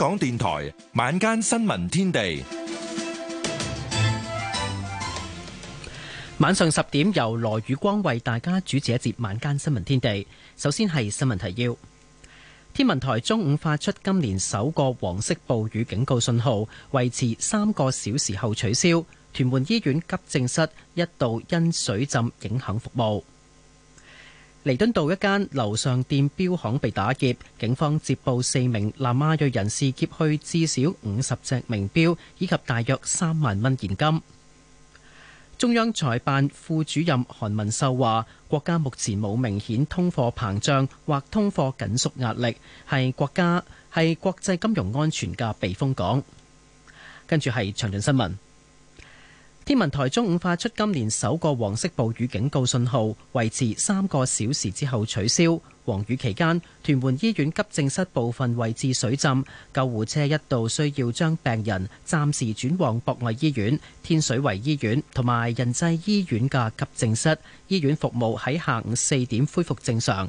港電台晚間新聞天地，晚上十點由羅宇光為大家主持一節晚間新聞天地。首先係新聞提要：天文台中午發出今年首個黃色暴雨警告信號，維持三個小時後取消。屯門醫院急症室一度因水浸影響服務。彌敦道一間樓上店錶行被打劫，警方接報，四名南亞裔人士，劫去至少五十隻名錶以及大約三萬蚊現金。中央財辦副主任韓文秀話，國家目前冇明顯通貨膨脹或通貨緊縮壓力，係國家係國際金融安全嘅避風港。跟住係詳盡新聞。天文台中午發出今年首個黃色暴雨警告信號，維持三個小時之後取消。黃雨期間，屯門醫院急症室部分位置水浸，救護車一度需要將病人暫時轉往博愛醫院、天水圍醫院同埋仁濟醫院嘅急症室。醫院服務喺下午四點恢復正常。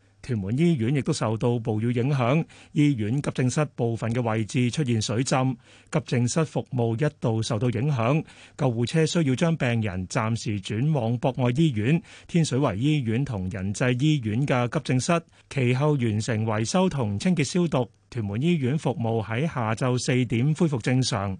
屯門醫院亦都受到暴雨影響，醫院急症室部分嘅位置出現水浸，急症室服務一度受到影響，救護車需要將病人暫時轉往博愛醫院、天水圍醫院同仁濟醫院嘅急症室，其後完成維修同清潔消毒，屯門醫院服務喺下晝四點恢復正常。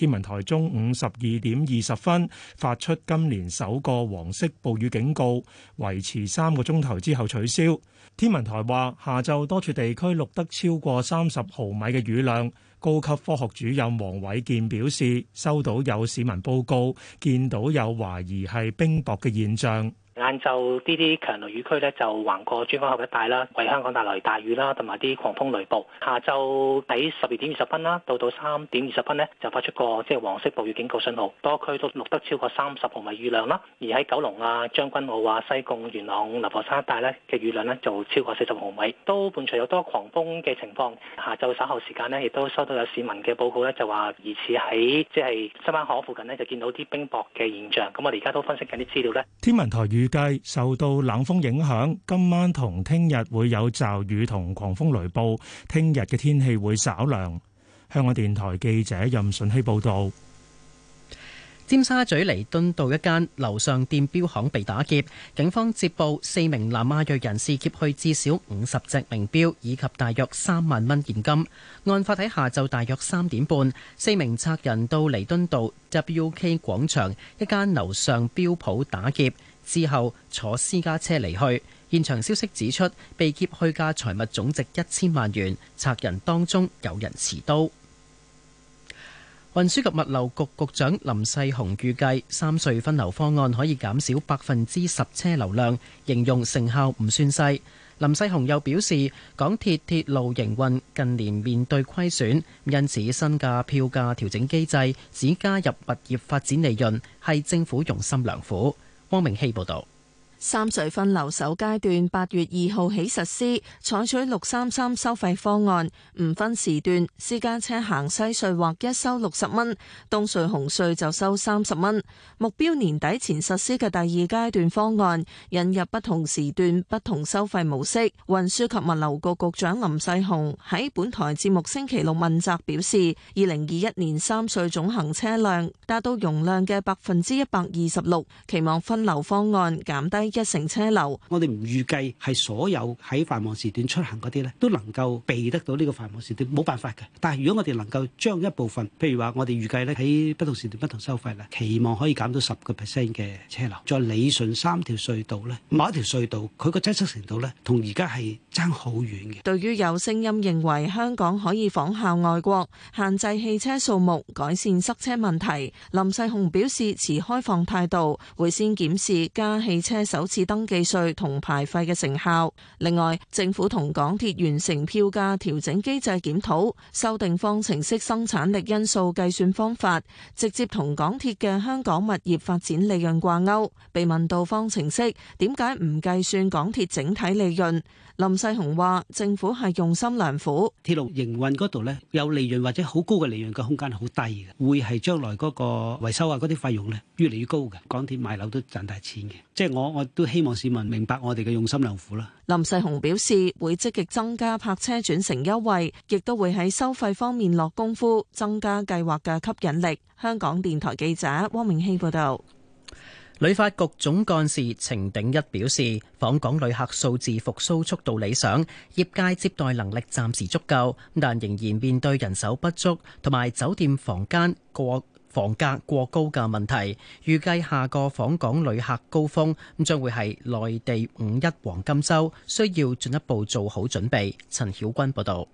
天文台中午十二點二十分發出今年首個黃色暴雨警告，維持三個鐘頭之後取消。天文台話，下晝多處地區錄得超過三十毫米嘅雨量。高級科學主任黃偉健表示，收到有市民報告，見到有懷疑係冰雹嘅現象。晏晝呢啲強雷雨區咧就橫過珠江口一帶啦，為香港帶來大雨啦，同埋啲狂風雷暴。下晝喺十二點二十分啦，到到三點二十分呢，就發出過即係黃色暴雨警告信號，多區都錄得超過三十毫米雨量啦。而喺九龍啊、將軍澳啊、西貢、元朗、流浮山一帶咧嘅雨量呢，就超過四十毫米，都伴隨有多狂風嘅情況。下晝稍後時間呢，亦都收到有市民嘅報告咧，就話疑似喺即係西灣河附近呢，就見到啲冰雹嘅現象。咁我哋而家都分析緊啲資料咧，天文台預計受到冷鋒影響，今晚同聽日會有驟雨同狂風雷暴。聽日嘅天氣會稍涼。香港電台記者任順熙報道：尖沙咀彌敦道一間樓上電表行被打劫，警方接報四名南亞裔人士劫去至少五十隻名表以及大約三萬蚊現金。案發喺下晝大約三點半，四名賊人到彌敦道 WK 廣場一間樓上表鋪打劫。之後坐私家車離去。現場消息指出，被劫虛假財物總值一千萬元，賊人當中有人持刀。運輸及物流局局長林世雄預計，三隧分流方案可以減少百分之十車流量，形容成效唔算細。林世雄又表示，港鐵鐵路營運近年面對虧損，因此新嘅票價調整機制只加入物業發展利潤，係政府用心良苦。汪明熙報道。三隧分流首階段八月二號起實施，採取六三三收費方案，唔分時段，私家車行西隧或一收六十蚊，東隧紅隧就收三十蚊。目標年底前實施嘅第二階段方案，引入不同時段不同收費模式。運輸及物流局局長林世雄喺本台節目星期六問責表示，二零二一年三隧總行車量達到容量嘅百分之一百二十六，期望分流方案減低，一成車流，我哋唔預計係所有喺繁忙時段出行嗰啲呢，都能夠避得到呢個繁忙時段，冇辦法嘅。但係如果我哋能夠將一部分，譬如話我哋預計咧喺不同時段不同收費咧，期望可以減到十個 percent 嘅車流。再理順三條隧道呢，某一條隧道佢個擠塞程度呢，同而家係差好遠嘅。對於有聲音認為香港可以仿效外國限制汽車數目，改善塞車問題，林世雄表示持開放態度，會先檢視加汽車手。首次登記稅同牌費嘅成效。另外，政府同港鐵完成票價調整機制檢討，修訂方程式生產力因素計算方法，直接同港鐵嘅香港物業發展利潤掛鈎。被問到方程式點解唔計算港鐵整體利潤？林世雄話：政府係用心良苦。鐵路營運嗰度咧，有利潤或者好高嘅利潤嘅空間係好低嘅，會係將來嗰個維修啊嗰啲費用咧越嚟越高嘅。港鐵賣樓都賺大錢嘅，即係我我都希望市民明白我哋嘅用心良苦啦。林世雄表示會積極增加泊車轉乘優惠，亦都會喺收費方面落功夫，增加計劃嘅吸引力。香港電台記者汪明熙報導。旅發局總幹事程鼎一表示，訪港旅客數字復甦速度理想，業界接待能力暫時足夠，但仍然面對人手不足同埋酒店房間過房價過高嘅問題。預計下個訪港旅客高峰咁將會係內地五一黃金週，需要進一步做好準備。陳曉君報導。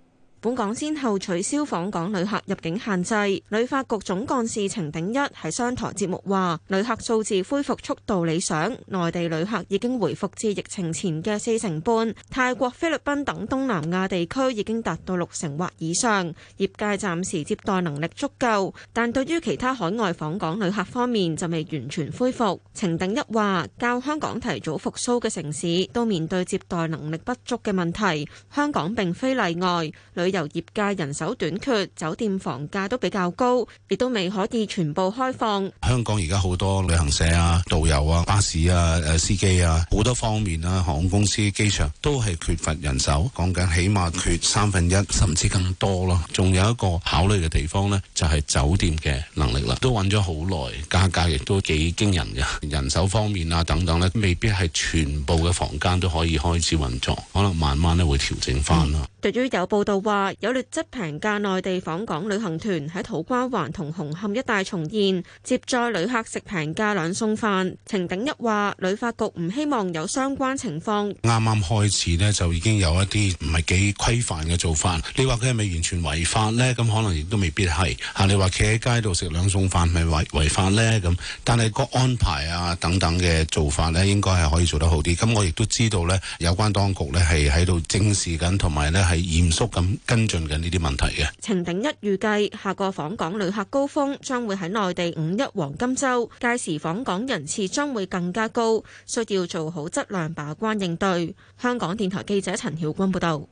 本港先後取消訪港旅客入境限制，旅發局總幹事程鼎一喺商台節目話，旅客數字恢復速度理想，內地旅客已經回復至疫情前的四成半，泰國菲律賓等東南亞地區已經達到六成或以上，業界暫時接待能力足夠，但對於其他海外訪港旅客方面就未完全恢復。程鼎一話，較香港提早復蘇的城市都面對接待能力不足的問題，香港並非例外，旅由業界人手短缺，酒店房價都比較高，亦都未可以全部開放。香港而家好多旅行社啊、導遊啊、巴士啊、誒司機啊，好多方面啊，航空公司、機場都係缺乏人手，講緊起碼缺三分一，甚至更多咯。仲有一個考慮嘅地方呢，就係酒店嘅能力啦，都揾咗好耐，價格亦都幾驚人嘅。人手方面啊等等呢，未必係全部嘅房間都可以開始運作，可能慢慢咧會調整翻咯。嗯，對於有報道話，話有劣質平價內地訪港旅行團喺土瓜灣同紅磡一帶重現，接載旅客食平價兩餸飯，程鼎一話旅發局唔希望有相關情況。啱啱開始呢，就已經有一啲唔係幾規範嘅做法，你話佢係咪完全違法呢？咁可能亦都未必係吓，啊，你話企喺街度食兩餸飯係違違法呢？咁但係個安排啊等等嘅做法呢，應該係可以做得好啲。咁我亦都知道呢，有關當局呢，係喺度正視緊，同埋呢係嚴肅咁。跟進緊呢啲問題嘅程鼎一預計，下個訪港旅客高峰將會喺內地五一黃金週，屆時訪港人次將會更加高，需要做好質量把關應對。香港電台記者陳曉君報道。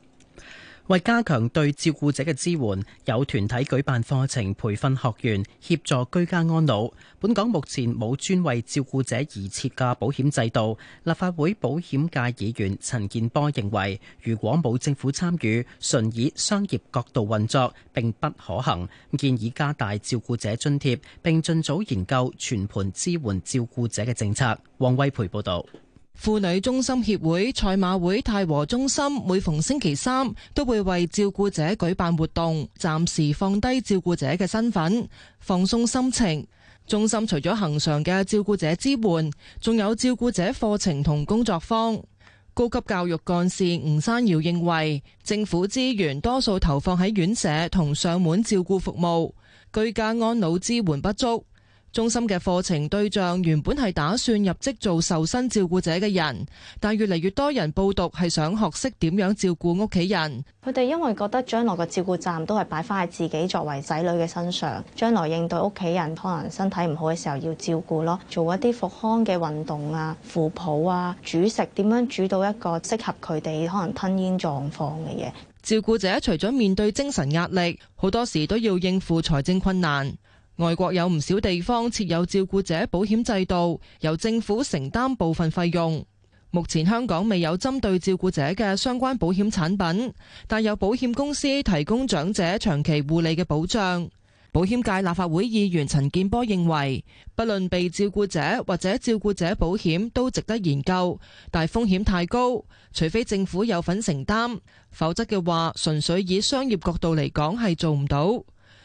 為加強對照顧者嘅支援，有團體舉辦課程培訓學員協助居家安老。本港目前冇專為照顧者而設嘅保險制度。立法會保險界議員陳健波認為，如果冇政府參與，純以商業角度運作並不可行，建議加大照顧者津貼，並盡早研究全盤支援照顧者嘅政策。黃威培報道。婦女中心協會賽馬會太和中心每逢星期三都會為照顧者舉辦活動，暫時放低照顧者嘅身份，放鬆心情。中心除咗恒常嘅照顧者支援，仲有照顧者課程同工作坊。高級教育幹事吳山瑤認為，政府資源多數投放喺院舍同上門照顧服務，居家安老支援不足。中心嘅課程對象原本係打算入職做受薪照顧者嘅人，但越嚟越多人報讀係想學識點樣照顧屋企人。佢哋因為覺得將來個照顧站都係擺翻喺自己作為仔女嘅身上，將來應對屋企人可能身體唔好嘅時候要照顧咯，做一啲復康嘅運動啊、扶抱啊、煮食點樣煮到一個適合佢哋可能吞嚥狀況嘅嘢。照顧者除咗面對精神壓力，好多時都要應付財政困難。外國有唔少地方設有照顧者保險制度，由政府承擔部分費用。目前香港未有針對照顧者嘅相關保險產品，但有保險公司提供長者長期護理嘅保障。保險界立法會議員陳健波認為，不論被照顧者或者照顧者保險都值得研究，但風險太高，除非政府有份承擔，否則嘅話，純粹以商業角度嚟講係做唔到。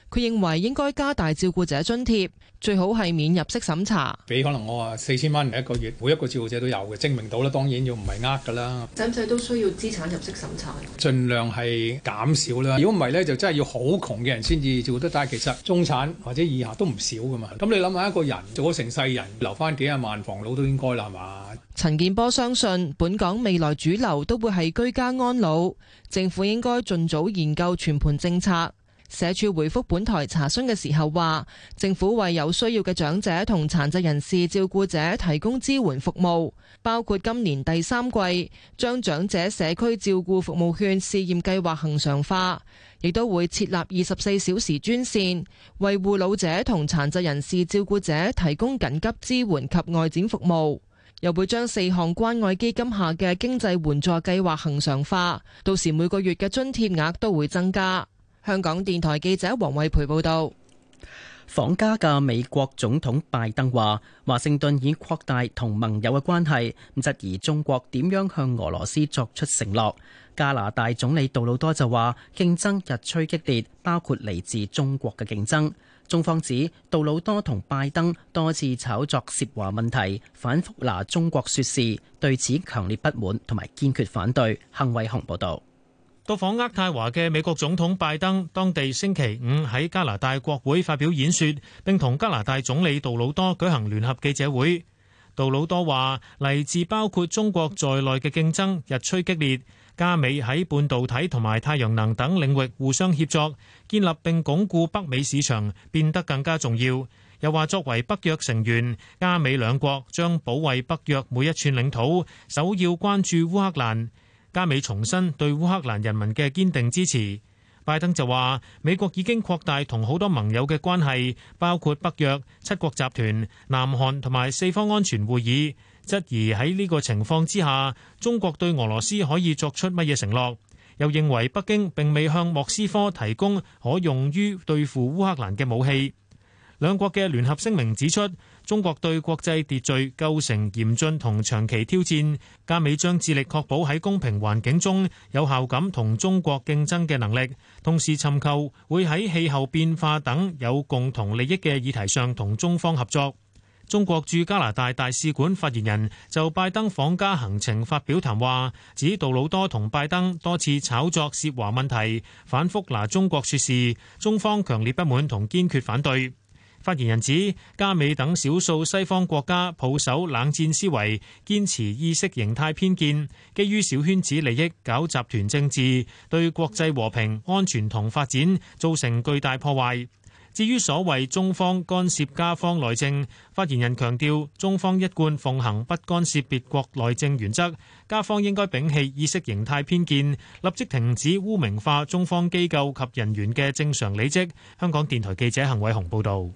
佢認為應該加大照顧者津貼，最好係免入息審查，俾可能我話四千蚊一個月，每一個照顧者都有嘅，證明到啦。當然要唔係呃㗎啦，使唔使都需要資產入息審查？儘量係減少啦，如果唔係咧，就真係要好窮嘅人先至照顧得。但係其實中產或者以下都唔少噶嘛。咁你諗下一個人做咗成世人，留翻幾廿萬防老都應該啦，係嘛？陳建波相信本港未來主流都會係居家安老，政府應該盡早研究全盤政策。社署回覆本台查詢嘅時候話，政府為有需要嘅長者同殘疾人士照顧者提供支援服務，包括今年第三季將長者社區照顧服務券試驗計劃恆常化，亦都會設立二十四小時專線，為護老者同殘疾人士照顧者提供緊急支援及外展服務，又會將四項關愛基金下嘅經濟援助計劃恆常化，到時每個月嘅津貼額都會增加。香港電台記者王慧培報道，訪加嘅美國總統拜登話，華盛頓已擴大同盟友嘅關係，質疑中國點樣向俄羅斯作出承諾。加拿大總理杜魯多就話，競爭日趨激烈，包括嚟自中國嘅競爭。中方指，杜魯多同拜登多次炒作涉華問題，反復拿中國說事，對此強烈不滿同埋堅決反對。幸偉雄報道。到訪渥太華嘅美國總統拜登，當地星期五喺加拿大國會發表演說，並同加拿大總理杜魯多舉行聯合記者會。杜魯多話，嚟自包括中國在內嘅競爭日趨激烈，加美喺半導體同埋太陽能等領域互相協作，建立並鞏固北美市場變得更加重要。又話作為北約成員，加美兩國將保衛北約每一寸領土，首要關注烏克蘭。加美重申對烏克蘭人民嘅堅定支持。拜登就話：美國已經擴大同好多盟友嘅關係，包括北約、七國集團、南韓同埋四方安全會議。質疑喺呢個情況之下，中國對俄羅斯可以作出乜嘢承諾？又認為北京並未向莫斯科提供可用於對付烏克蘭嘅武器。兩國嘅聯合聲明指出，中國對國際秩序構成嚴峻同長期挑戰，加美將致力確保喺公平環境中有效噉同中國競爭嘅能力，同時尋求會喺氣候變化等有共同利益嘅議題上同中方合作。中國駐加拿大大使館發言人就拜登訪加行程發表談話，指杜魯多同拜登多次炒作涉華問題，反覆拿中國説事，中方強烈不滿同堅決反對。發言人指，加美等少數西方國家抱守冷戰思維，堅持意識形態偏見，基於小圈子利益搞集團政治，對國際和平、安全同發展造成巨大破壞。至於所謂中方干涉加方內政，發言人強調，中方一貫奉行不干涉別國內政原則，加方應該摒棄意識形態偏見，立即停止污名化中方機構及人員嘅正常履職。香港電台記者幸偉雄報道。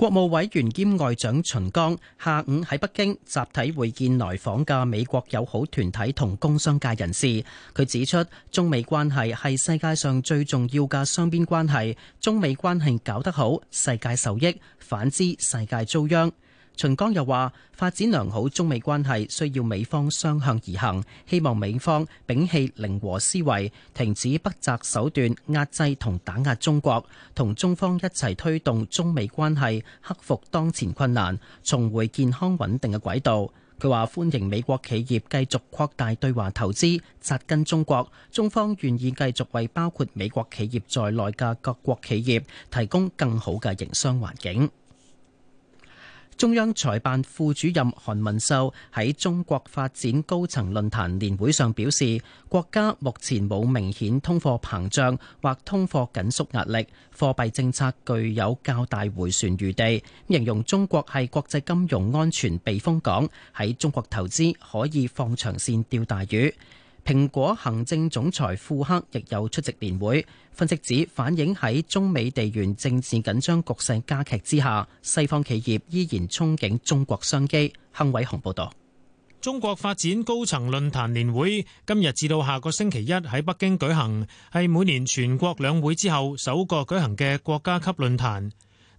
國務委員兼外長秦剛下午喺北京集體會見來訪嘅美國友好團體同工商界人士。佢指出，中美關係係世界上最重要嘅雙邊關係，中美關係搞得好，世界受益；反之，世界遭殃。秦剛又話：發展良好中美關係需要美方雙向而行，希望美方摒棄零和思維，停止不擇手段壓制同打壓中國，同中方一齊推動中美關係克服當前困難，重回健康穩定嘅軌道。佢話歡迎美國企業繼續擴大對華投資紮根中國，中方願意繼續為包括美國企業在內嘅各國企業提供更好嘅營商環境。中央財辦副主任韓文秀喺中國發展高層論壇年會上表示，國家目前冇明顯通貨膨脹或通貨緊縮壓力，貨幣政策具有較大回旋餘地，形容中國係國際金融安全避風港，喺中國投資可以放長線釣大魚。蘋果行政總裁庫克亦有出席年會，分析指反映喺中美地緣政治緊張局勢加劇之下，西方企業依然憧憬中國商機。亨偉雄報道：中國發展高層論壇年會今日至到下個星期一喺北京舉行，係每年全國兩會之後首個舉行嘅國家級論壇。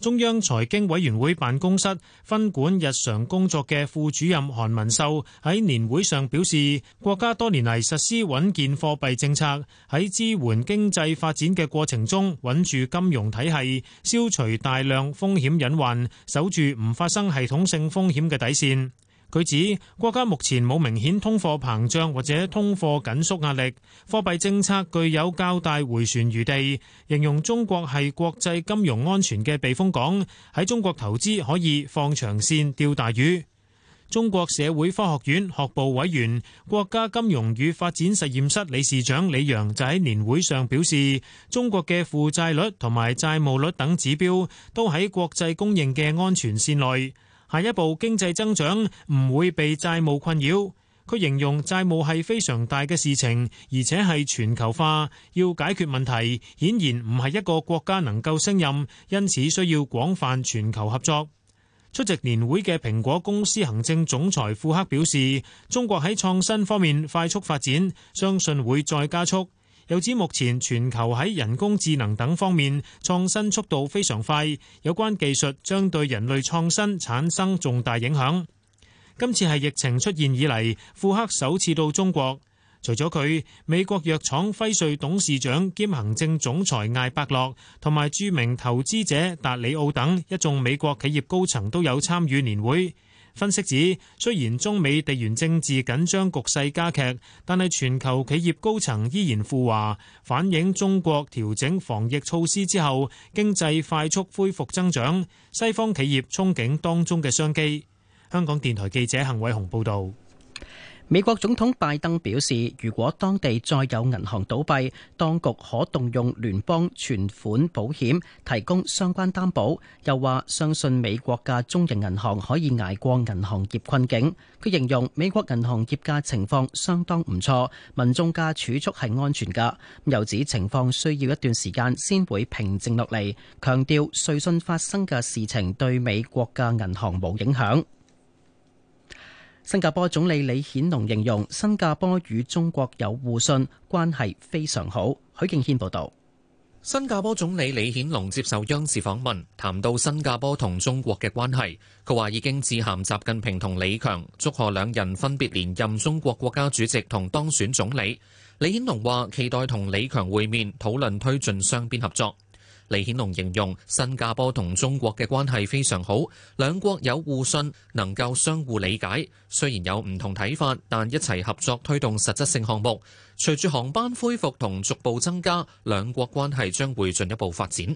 中央財經委員會辦公室分管日常工作嘅副主任韓文秀喺年會上表示，國家多年嚟實施穩健貨幣政策，喺支援經濟發展嘅過程中，穩住金融體系，消除大量風險隱患，守住唔發生系統性風險嘅底線。佢指國家目前冇明顯通貨膨脹或者通貨緊縮壓力，貨幣政策具有較大回旋餘地。形容中國係國際金融安全嘅避風港，喺中國投資可以放長線釣大魚。中國社會科學院學部委員、國家金融與發展實驗室理事長李陽就喺年會上表示，中國嘅負債率同埋債務率等指標都喺國際公認嘅安全線內。下一步經濟增長唔會被債務困擾，佢形容債務係非常大嘅事情，而且係全球化要解決問題，顯然唔係一個國家能夠勝任，因此需要廣泛全球合作。出席年會嘅蘋果公司行政總裁庫克表示：中國喺創新方面快速發展，相信會再加速。又指目前全球喺人工智能等方面創新速度非常快，有關技術將對人類創新產生重大影響。今次係疫情出現以嚟，庫克首次到中國。除咗佢，美國藥廠輝瑞董事長兼行政總裁艾伯樂同埋著名投資者達里奧等一眾美國企業高層都有參與年會。分析指，雖然中美地緣政治緊張局勢加劇，但係全球企業高層依然赴華，反映中國調整防疫措施之後，經濟快速恢復增長，西方企業憧憬當中嘅商機。香港電台記者恆偉雄報導。美國總統拜登表示，如果當地再有銀行倒閉，當局可動用聯邦存款保險提供相關擔保。又話相信美國嘅中型銀行可以捱過銀行業困境。佢形容美國銀行業嘅情況相當唔錯，民眾嘅儲蓄係安全嘅，又指情況需要一段時間先會平靜落嚟，強調瑞信發生嘅事情對美國嘅銀行冇影響。新加坡總理李顯龍形容新加坡與中國有互信，關係非常好。許敬軒報道，新加坡總理李顯龍接受央視訪問，談到新加坡同中國嘅關係，佢話已經致函習近平同李強，祝賀兩人分別連任中國國家主席同當選總理。李顯龍話期待同李強會面，討論推進雙邊合作。李顯龍形容，新加坡同中國嘅關係非常好，兩國有互信，能夠相互理解。雖然有唔同睇法，但一齊合作推動實質性項目。隨住航班恢復同逐步增加，兩國關係將會進一步發展。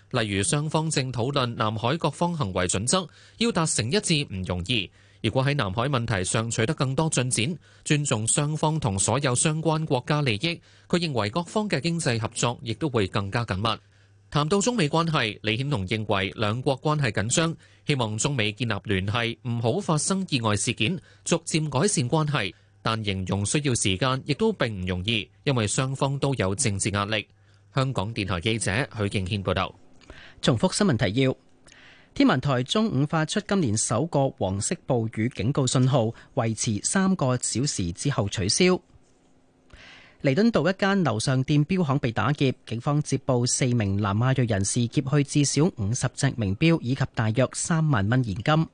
例如，雙方正討論南海各方行為準則，要達成一致唔容易。如果喺南海問題上取得更多進展，尊重雙方同所有相關國家利益，佢認為各方嘅經濟合作亦都會更加緊密。談到中美關係，李顯龍認為兩國關係緊張，希望中美建立聯繫，唔好發生意外事件，逐漸改善關係。但形容需要時間，亦都並唔容易，因為雙方都有政治壓力。香港電台記者許敬軒報道。重複新聞提要：天文台中午發出今年首個黃色暴雨警告信號，維持三個小時之後取消。彌敦道一間樓上店標行被打劫，警方接報四名南亞裔人士劫去至少五十隻名錶以及大約三萬蚊現金。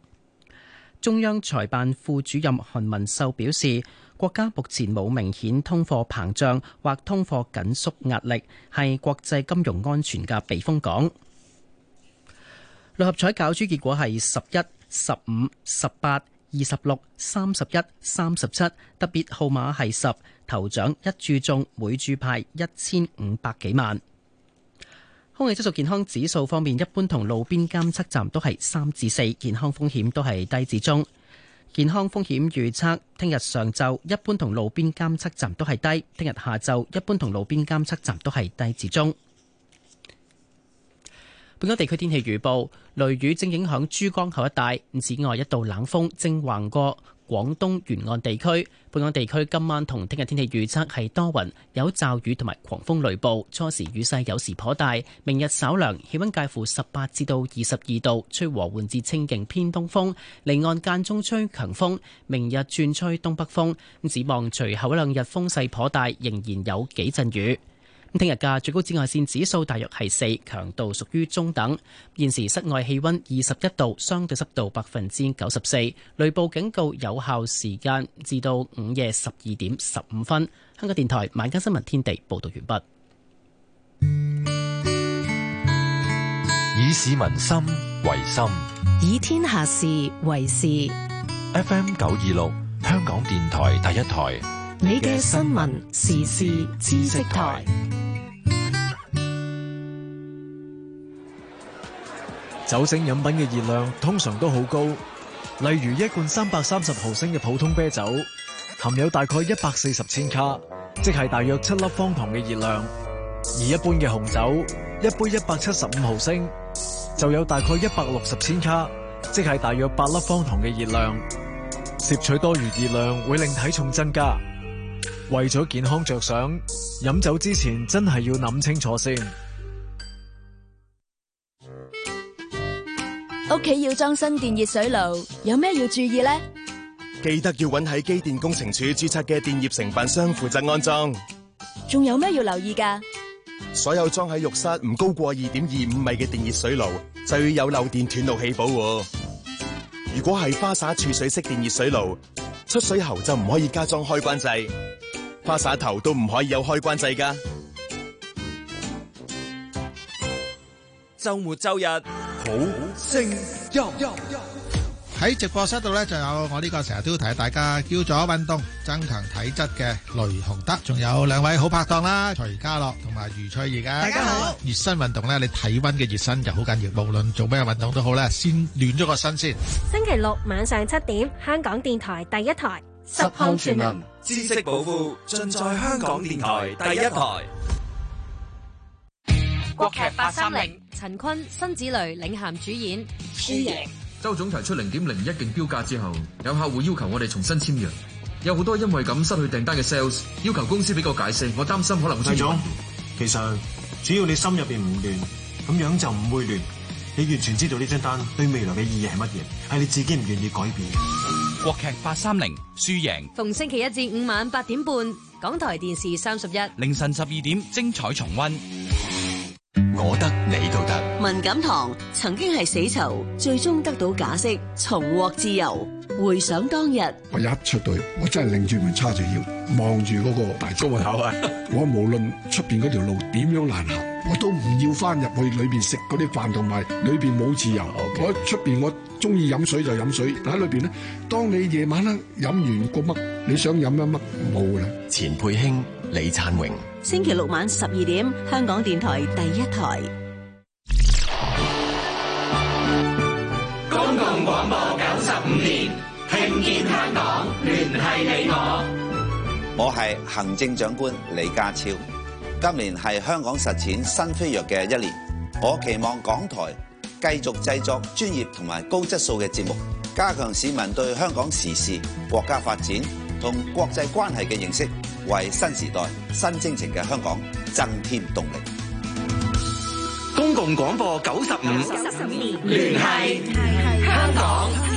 中央財辦副主任韓文秀表示，國家目前冇明顯通貨膨脹或通貨緊縮壓力，係國際金融安全嘅避風港。六合彩攪珠結果係十一、十五、十八、二十六、三十一、三十七，特別號碼係十。頭獎一注中，每注派一千五百幾萬。空氣質素，素健康指數方面，一般同路邊監測站都係三至四，健康風險都係低至中。健康風險預測：聽日上晝一般同路邊監測站都係低；聽日下晝一般同路邊監測站都係低至中。本港地區天氣預報，雷雨正影響珠江口一帶。此外，一道冷鋒正橫過廣東沿岸地區。本港地區今晚同聽日天氣預測係多雲，有驟雨同埋狂風雷暴，初時雨勢有時頗大。明日稍涼，氣溫介乎十八至到二十二度，吹和緩至清勁偏東風。離岸間中吹強風。明日轉吹東北風。咁指望隨後一兩日風勢頗大，仍然有幾陣雨。聽日嘅最高紫外線指數大約係四，強度屬於中等。現時室外氣温二十一度，相對濕度百分之九十四。雷暴警告有效時間至到午夜十二點十五分。香港電台《晚間新聞天地報導》報道完畢。以市民心為心，以天下事為事。F.M. 九二六，香港電台第一台，你嘅新聞時事知識台。酒精飲品嘅熱量通常都好高，例如一罐三百三十毫升嘅普通啤酒，含有大概一百四十千卡，即係大約七粒方糖嘅熱量；而一般嘅紅酒，一杯一百七十五毫升就有大概一百六十千卡，即係大約八粒方糖嘅熱量。攝取多餘熱量會令體重增加，為咗健康着想，飲酒之前真係要諗清楚先。.屋企要裝新電熱水爐，有咩要注意呢？記得要揾喺機電工程署注冊嘅電業承辦商負責安裝。仲有咩要留意噶？所有裝喺浴室唔高過二點二五米嘅電熱水爐，就要有漏電斷路器保護。如果係花灑儲水式電熱水爐，出水喉就唔可以加裝開關掣，花灑頭都唔可以有開關掣噶。周末周日。好聲喺直播室度咧，就有我呢個成日都提大家，叫做運動增強體質嘅雷洪德，仲有兩位好拍檔啦，徐家樂同埋余翠怡嘅。大家好！熱身運動咧，你體溫嘅熱身就好緊要，無論做咩運動都好啦，先暖咗個身先。星期六晚上七點，香港電台第一台十項全能知識保護，盡在香港電台第一台。國劇八三零。陳坤、辛芷蕾領銜主演。輸贏。周總提出零點零一勁標價之後，有客戶要求我哋重新簽約，有好多因為咁失去訂單嘅 sales，要求公司俾個解釋。我擔心可能會。周總，其實只要你心入邊唔亂，咁樣就唔會亂。你完全知道呢張單對未來嘅意義係乜嘢，係你自己唔願意改變嘅。國劇八三零輸贏，逢星期一至五晚八點半，港台電視三十一，凌晨十二點精彩重溫。我得你文錦堂曾經係死囚，最終得到假釋，重獲自由。回想當日，我一出隊，我真係擰住門叉住腰望住嗰個大門口啊！嗯、我無論出邊嗰條路點樣難行，我都唔要翻入去裏邊食嗰啲飯，同埋裏邊冇自由。的我出邊我中意飲水就飲水，喺裏邊呢，當你夜晚咧飲完個乜，你想飲乜乜冇啦。錢佩卿、李燦榮，星期六晚十二點，香港電台第一台。 香港，聯繫你我，我係行政長官李家超。今年係香港實踐新飛躍嘅一年，我期望港台繼續製作專業同埋高質素嘅節目，加強市民對香港時事、國家發展同國際關係嘅認識，為新時代新征程嘅香港增添動力。公共廣播九十五年，聯繫，聯繫香港。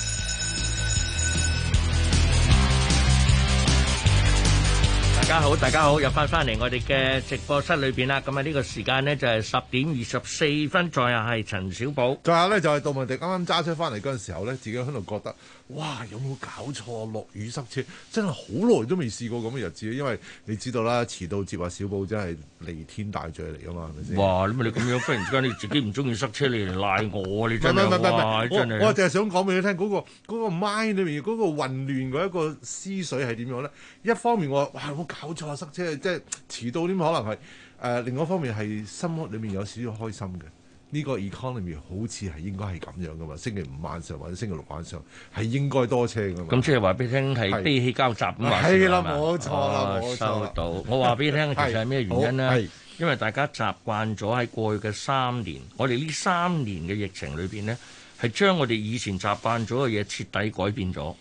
大家好，大家好，又翻翻嚟我哋嘅直播室裏邊啦。咁啊呢個時間呢，就係、是、十點二十四分，再有係陳小寶，再有呢，就係、是、杜文迪。啱啱揸車翻嚟嗰陣時候呢，自己喺度覺得，哇，有冇搞錯？落雨塞車，真係好耐都未試過咁嘅日子。因為你知道啦，遲到接阿小寶真係彌天大罪嚟㗎嘛，係咪先？哇，咁你咁樣，忽然之間你自己唔中意塞車， 你嚟賴我你真係哇，我我就係想講俾你聽，嗰、那個嗰、那個 mind 裏面嗰、那個混亂嗰一個思緒係點樣咧？一方面我哇，我。好錯塞車即係遲到啲，可能係誒、呃、另外一方面係心裏面有少少開心嘅。呢、呢個 economy 好似係應該係咁樣嘅嘛。星期五晚上或者星期六晚上係應該多車嘅嘛。咁即係話俾你聽係悲喜交集咁啊？係啦，冇錯啦，收到。我話俾你聽，其實係咩原因咧？ 因為大家習慣咗喺過去嘅三年，我哋呢三年嘅疫情裏邊咧，係將我哋以前習慣咗嘅嘢徹底改變咗。